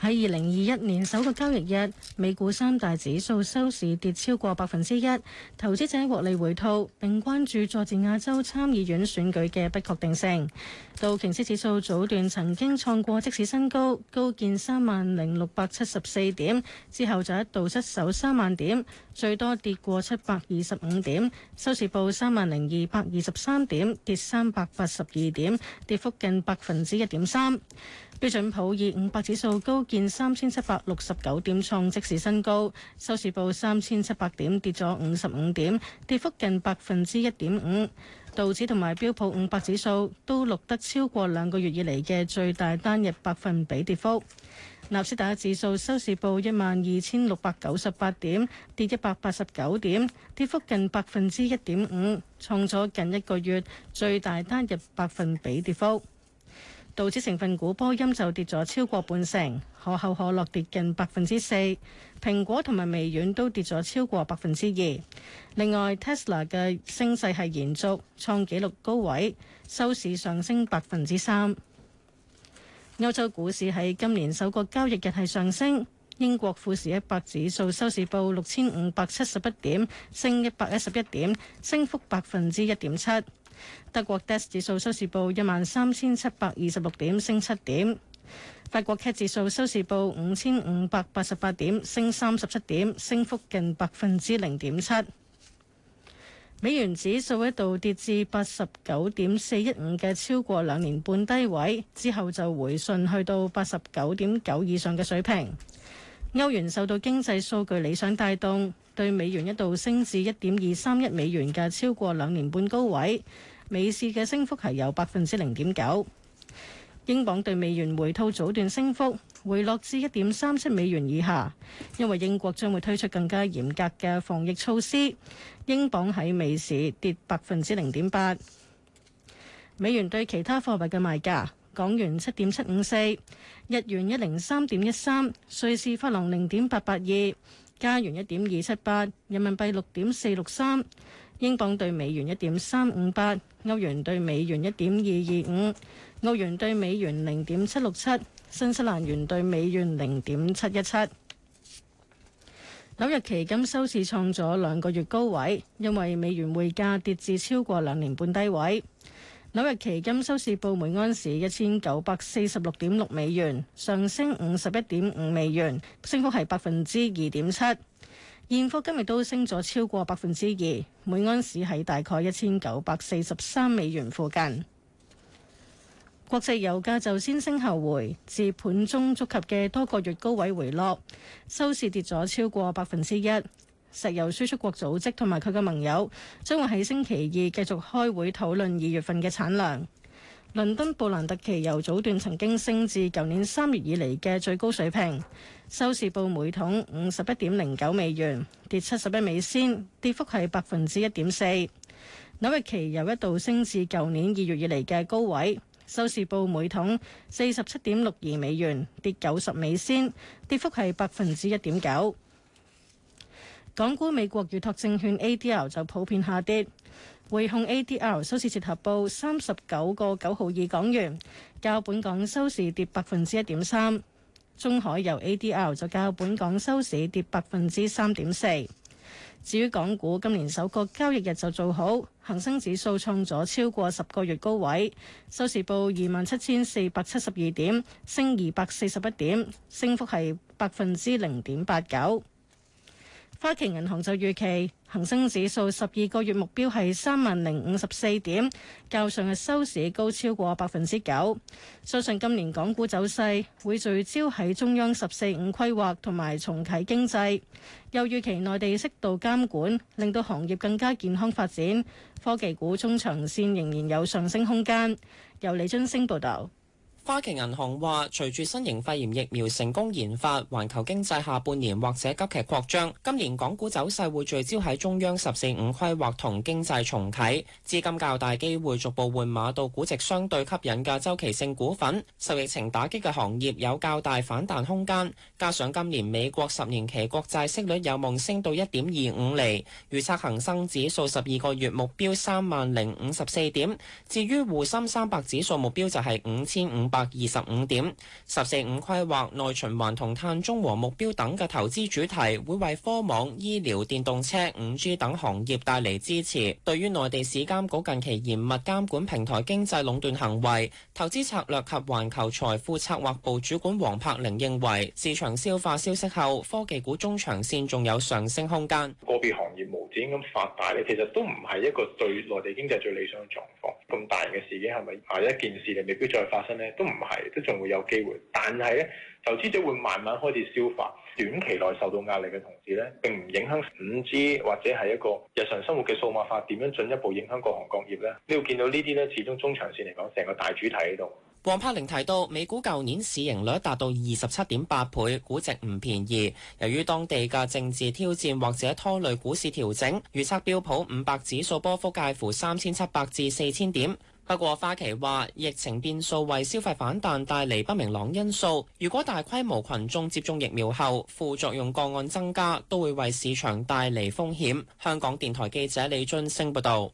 喺二零二一年首個交易日，美股三大指數收市跌超過百分之一，投資者獲利回吐，並關注佐治亞州參議院選舉嘅不確定性。道瓊斯指數早段曾經創過即市新高，高見三萬零六百七十四點，之後就一度失守三萬點，最多跌過七百二十五點，收市報三萬零二百二十三點，跌三百八十二點，跌幅近百分之一點三。標準普爾五百指數高見三千七百六十九點，創即時新高，收市報三千七百點，跌咗五十五點，跌幅近百分之一點五。道指同埋標普五百指數都錄得超過兩個月以嚟嘅最大單日百分比跌幅。納斯達指數收市報一萬二千六百九十八點，跌一百八十九點，跌幅近百分之一點五，創咗近一個月最大單日百分比跌幅。道指成分股波音就跌咗超過半成，可口可樂跌近百分之四，蘋果同埋微軟都跌咗超過百分之二。另外，Tesla 嘅升勢係延續，創紀錄高位，收市上升百分之三。歐洲股市喺今年首個交易日係上升，英國富時一百指數收市報六千五百七十一點，升一百一十一點，升幅百分之一點七。德國 DAX 指數收市報一萬三千七百二十六點，升七點。法國 CAC 指數收市報五千五百八十八點，升三十七點，升幅近百分之零點七。美元指數一度跌至八十九點四一五嘅超過兩年半低位，之後就回升去到八十九點九以上嘅水平。歐元受到經濟數據理想帶動。對美元一度升至一點二三一美元嘅超過兩年半高位，美市嘅升幅係有百分之零點九。英鎊對美元回吐早段升幅，回落至一點三七美元以下，因為英國將會推出更加嚴格嘅防疫措施。英鎊喺美市跌百分之零點八。美元對其他貨幣嘅賣價：港元七點七五四，日元一零三點一三，瑞士法郎零點八八二。加元一點二七八，人民幣六點四六三，英鎊對美元一點三五八，歐元對美元一點二二五，澳元對美元零點七六七，新西蘭元對美元零點七一七。紐約期金收市創咗兩個月高位，因為美元匯價跌至超過兩年半低位。紐約期金收市報每安士一千九百四十六點六美元，上升五十一點五美元，升幅係百分之二點七。現貨今日都升咗超過百分之二，每安士喺大概一千九百四十三美元附近。國際油價就先升後回，至盤中觸及嘅多個月高位回落，收市跌咗超過百分之一。石油輸出國組織同埋佢嘅盟友將會喺星期二繼續開會討論二月份嘅產量。倫敦布蘭特期油早段曾經升至舊年三月以嚟嘅最高水平，收市報每桶五十一點零九美元，跌七十一美仙，跌幅係百分之一點四。紐約期油一度升至舊年二月以嚟嘅高位，收市報每桶四十七點六二美元，跌九十美仙，跌幅係百分之一點九。港股、美國預託證券 ADR 就普遍下跌，匯控 ADR 收市折合報三十九個九毫二港元，較本港收市跌百分之一點三。中海油 ADR 就較本港收市跌百分之三點四。至於港股今年首個交易日就做好，恒生指數創咗超過十個月高位，收市報二萬七千四百七十二點，升二百四十一點，升幅係百分之零點八九。花旗銀行就預期恒生指數十二個月目標係三萬零五十四點，較上日收市高超過百分之九。相信今年港股走勢會聚焦喺中央十四五規劃同埋重啟經濟，又預期內地適度監管令到行業更加健康發展，科技股中長線仍然有上升空間。由李津升報導。花旗銀行話，隨住新型肺炎疫苗成功研發，環球經濟下半年或者急劇擴張。今年港股走勢會聚焦喺中央十四五規劃同經濟重啟，資金較大機會逐步換馬到估值相對吸引嘅周期性股份。受疫情打擊嘅行業有較大反彈空間，加上今年美國十年期國債息率有望升到一點二五厘，預測恆生指數十二個月目標三萬零五十四點。至於滬深三百指數目標就係五千五百。百二十五點。十四五規劃內循環同碳中和目標等嘅投資主題，會為科網、醫療、電動車、五 G 等行業帶嚟支持。對於內地市監局近期嚴密監管平台經濟壟斷行為，投資策略及環球財富策劃部主管黃柏寧認為，市場消化消息後，科技股中長線仲有上升空間。個別行業展咁發達咧，其實都唔係一個對內地經濟最理想嘅狀況。咁大嘅事件係咪下一件事你未必再發生呢？都唔係，都仲會有機會。但係呢，投資者會慢慢開始消化，短期內受到壓力嘅同時呢，並唔影響五 G 或者係一個日常生活嘅數碼化點樣進一步影響各行各業呢？你要見到呢啲呢，始終中長線嚟講，成個大主題喺度。王柏玲提到，美股舊年市盈率達到二十七點八倍，估值唔便宜。由於當地嘅政治挑戰或者拖累股市調整，預測標普五百指數波幅介乎三千七百至四千點。不過花旗話疫情變數為消費反彈帶嚟不明朗因素。如果大規模群眾接種疫苗後副作用個案增加，都會為市場帶嚟風險。香港電台記者李津升報道。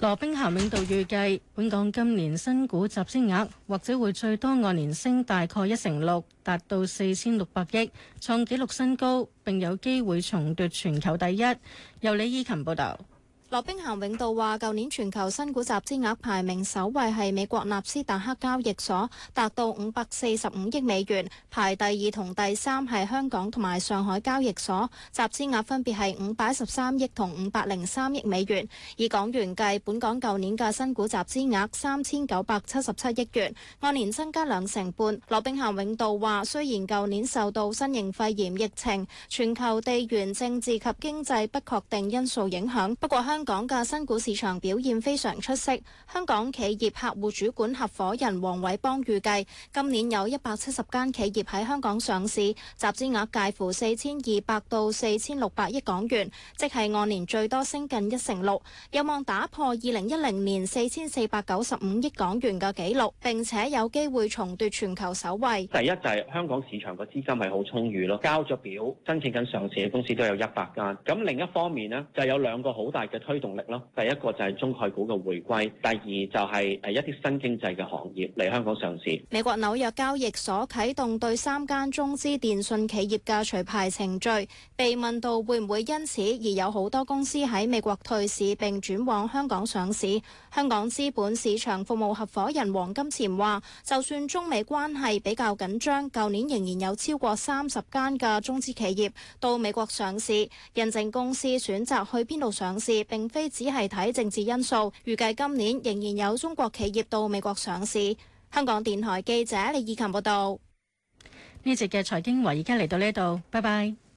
羅兵咸永道預計，本港今年新股集資額或者會最多按年升大概一成六，達到四千六百億，創紀錄新高，並有機會重奪全球第一。由李依琴報道。羅兵咸永道話，舊年全球新股集資額排名首位係美國納斯達克交易所，達到五百四十五億美元，排第二同第三係香港同埋上海交易所，集資額分別係五百一十三億同五百零三億美元。以港元計，本港舊年嘅新股集資額三千九百七十七億元，按年增加兩成半。羅兵咸永道話，雖然舊年受到新型肺炎疫情、全球地緣政治及經濟不確定因素影響，不過香。香港嘅新股市場表現非常出色。香港企業客戶主管合夥人黃偉邦預計，今年有一百七十間企業喺香港上市，集資額介乎四千二百到四千六百億港元，即係按年最多升近一成六，有望打破二零一零年四千四百九十五億港元嘅紀錄，並且有機會重奪全球首位。第一就係、是、香港市場嘅資金係好充裕咯，交咗表申請緊上市嘅公司都有一百間。咁另一方面呢，就有兩個好大嘅。推動力咯，第一個就係中概股嘅回歸，第二就係誒一啲新經濟嘅行業嚟香港上市。美國紐約交易所啟動對三間中資電訊企業嘅除牌程序。被問到會唔會因此而有好多公司喺美國退市並轉往香港上市，香港資本市場服務合夥人黃金潛話：就算中美關係比較緊張，舊年仍然有超過三十間嘅中資企業到美國上市。認證公司選擇去邊度上市，並非只係睇政治因素，預計今年仍然有中國企業到美國上市。香港電台記者李以琴報道。呢節嘅財經話而家嚟到呢度，拜拜。